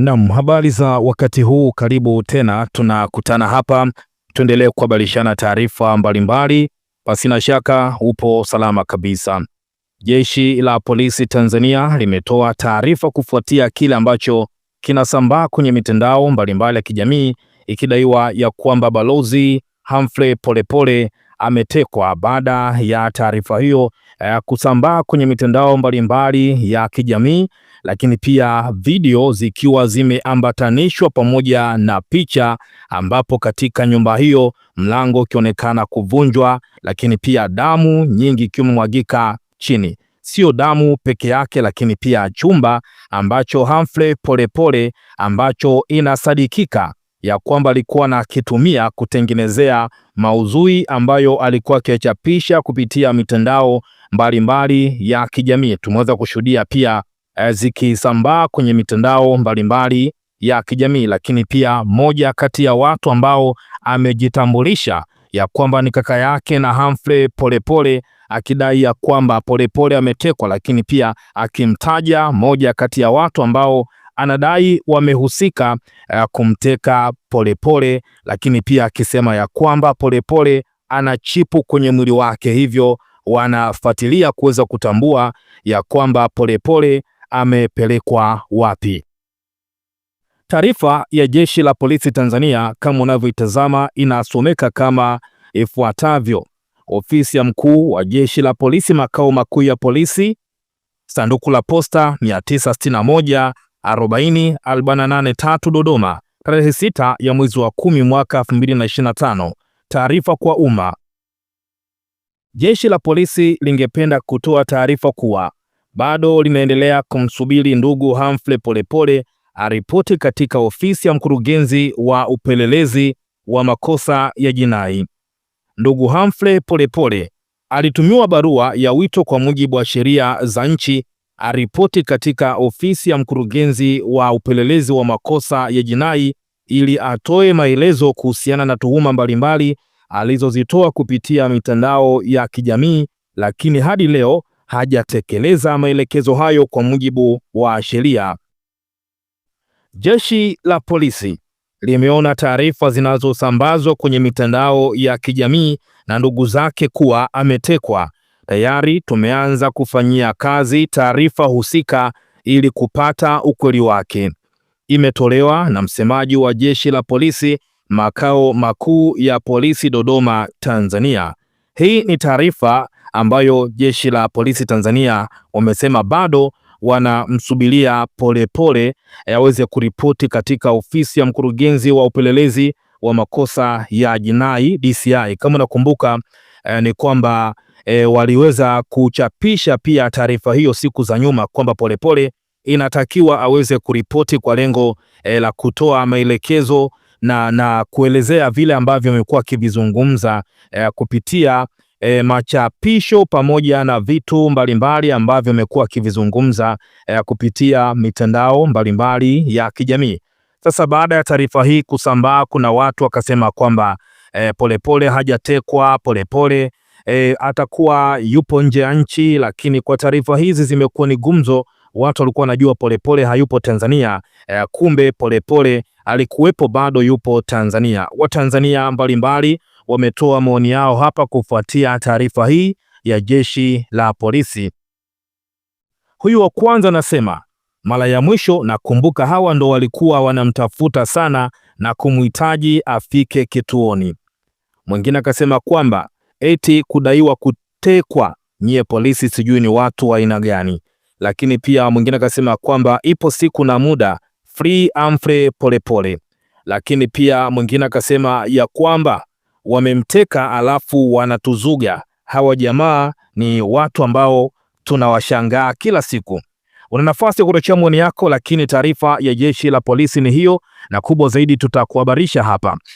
Naam, habari za wakati huu, karibu tena, tunakutana hapa tuendelee kuhabarishana taarifa mbalimbali. Pasina shaka upo salama kabisa. Jeshi la polisi Tanzania limetoa taarifa kufuatia kile ambacho kinasambaa kwenye mitandao mbalimbali ya kijamii ikidaiwa ya kwamba Balozi Humphrey Polepole ametekwa. Baada ya taarifa hiyo eh, kusambaa kwenye mitandao mbalimbali ya kijamii, lakini pia video zikiwa zimeambatanishwa pamoja na picha, ambapo katika nyumba hiyo mlango ukionekana kuvunjwa, lakini pia damu nyingi ikiwa chini sio damu peke yake, lakini pia chumba ambacho Humphrey Polepole ambacho inasadikika ya kwamba alikuwa anakitumia kutengenezea mauzui ambayo alikuwa akiyachapisha kupitia mitandao mbalimbali mbali ya kijamii. Tumeweza kushuhudia pia eh, zikisambaa kwenye mitandao mbalimbali mbali ya kijamii, lakini pia moja kati ya watu ambao amejitambulisha ya kwamba ni kaka yake na Humphrey Polepole akidai ya kwamba Polepole ametekwa, lakini pia akimtaja moja kati ya watu ambao anadai wamehusika uh, kumteka Polepole pole, lakini pia akisema ya kwamba Polepole pole ana chipu kwenye mwili wake, hivyo wanafuatilia kuweza kutambua ya kwamba Polepole pole amepelekwa wapi. Taarifa ya Jeshi la Polisi Tanzania kama unavyoitazama inasomeka kama ifuatavyo: Ofisi ya Mkuu wa Jeshi la Polisi, Makao Makuu ya Polisi, sanduku la posta 961 40883 Dodoma tarehe 6 ya mwezi wa 10 mwaka 2025. Taarifa kwa umma. Jeshi la polisi lingependa kutoa taarifa kuwa bado linaendelea kumsubiri ndugu Humphrey Polepole aripoti katika ofisi ya mkurugenzi wa upelelezi wa makosa ya jinai. Ndugu Humphrey Polepole alitumiwa barua ya wito kwa mujibu wa sheria za nchi aripoti katika ofisi ya mkurugenzi wa upelelezi wa makosa ya jinai ili atoe maelezo kuhusiana na tuhuma mbalimbali alizozitoa kupitia mitandao ya kijamii, lakini hadi leo hajatekeleza maelekezo hayo kwa mujibu wa sheria. Jeshi la polisi limeona taarifa zinazosambazwa kwenye mitandao ya kijamii na ndugu zake kuwa ametekwa Tayari tumeanza kufanyia kazi taarifa husika ili kupata ukweli wake. Imetolewa na msemaji wa Jeshi la Polisi, makao makuu ya polisi Dodoma, Tanzania. Hii ni taarifa ambayo Jeshi la Polisi Tanzania wamesema bado wanamsubiria Polepole aweze kuripoti katika ofisi ya mkurugenzi wa upelelezi wa makosa ya jinai DCI. Kama unakumbuka eh, ni kwamba e, waliweza kuchapisha pia taarifa hiyo siku za nyuma kwamba Polepole inatakiwa aweze kuripoti kwa lengo e, la kutoa maelekezo na, na kuelezea vile ambavyo amekuwa akivizungumza e, kupitia e, machapisho pamoja na vitu mbalimbali ambavyo amekuwa akivizungumza e, kupitia mitandao mbalimbali ya kijamii. Sasa baada ya taarifa hii kusambaa, kuna watu wakasema kwamba e, Polepole e, pole hajatekwa, Polepole e, atakuwa yupo nje ya nchi, lakini kwa taarifa hizi zimekuwa ni gumzo. Watu walikuwa wanajua Polepole hayupo Tanzania e, kumbe Polepole alikuwepo bado yupo Tanzania. Watanzania mbalimbali wametoa maoni yao hapa kufuatia taarifa hii ya jeshi la polisi. Huyu wa kwanza anasema mara ya mwisho nakumbuka, hawa ndo walikuwa wanamtafuta sana na kumhitaji afike kituoni. Mwingine akasema kwamba eti kudaiwa kutekwa. Nyie polisi, sijui ni watu wa aina gani. Lakini pia mwingine akasema kwamba ipo siku na muda, free amfre Polepole. Lakini pia mwingine akasema ya kwamba wamemteka alafu wanatuzuga. Hawa jamaa ni watu ambao tunawashangaa kila siku. Una nafasi ya kutochea maoni yako, lakini taarifa ya jeshi la polisi ni hiyo, na kubwa zaidi tutakuhabarisha hapa.